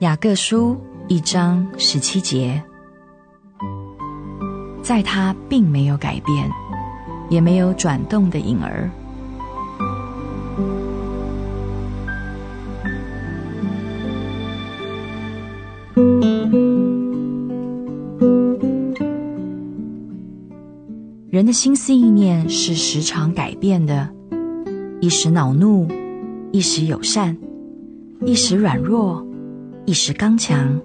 雅各書一章十七節，在他並沒有改變，也沒有轉動的影兒。人的心思意念是時常改變的，一時惱怒，一時友善，一時軟弱，一時剛強，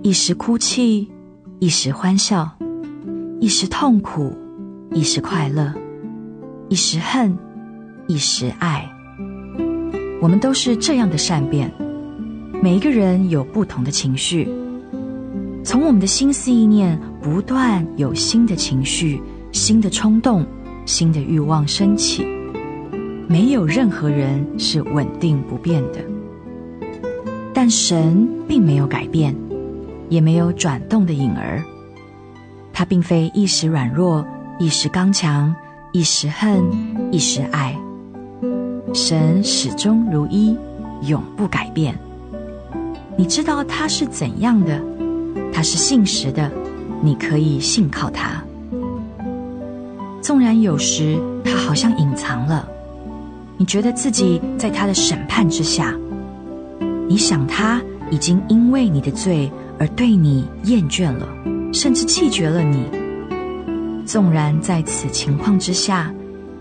一時哭泣，一時歡笑，一時痛苦，一時快樂，一時恨，一時愛。我們都是這樣的善變。每一個人有不同的情緒，從我們的心思意念，不斷有新的情緒、新的衝動、新的慾望升起。沒有任何人是穩定不變的。但神並沒有改變，也沒有轉動的影兒。他並非一時軟弱，一時剛強，一時恨，一時愛。神始終如一，永不改變。你知道他是怎樣的，他是信實的，你可以信靠他。縱然有時他好像隱藏了，你覺得自己在他的審判之下。你想他已經因為你的罪而對你厭倦了，甚至棄絕了你。縱然在此情況之下，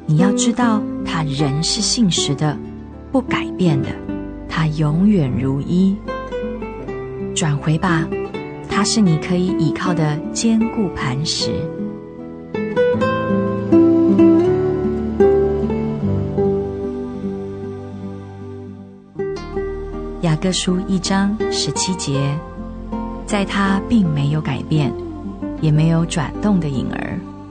你要知道，他仍是信實的，不改變的，他永遠如一。轉回吧，他是你可以依靠的堅固磐石。雅各書一章十七節，在他並沒有改變，也沒有轉動的影兒。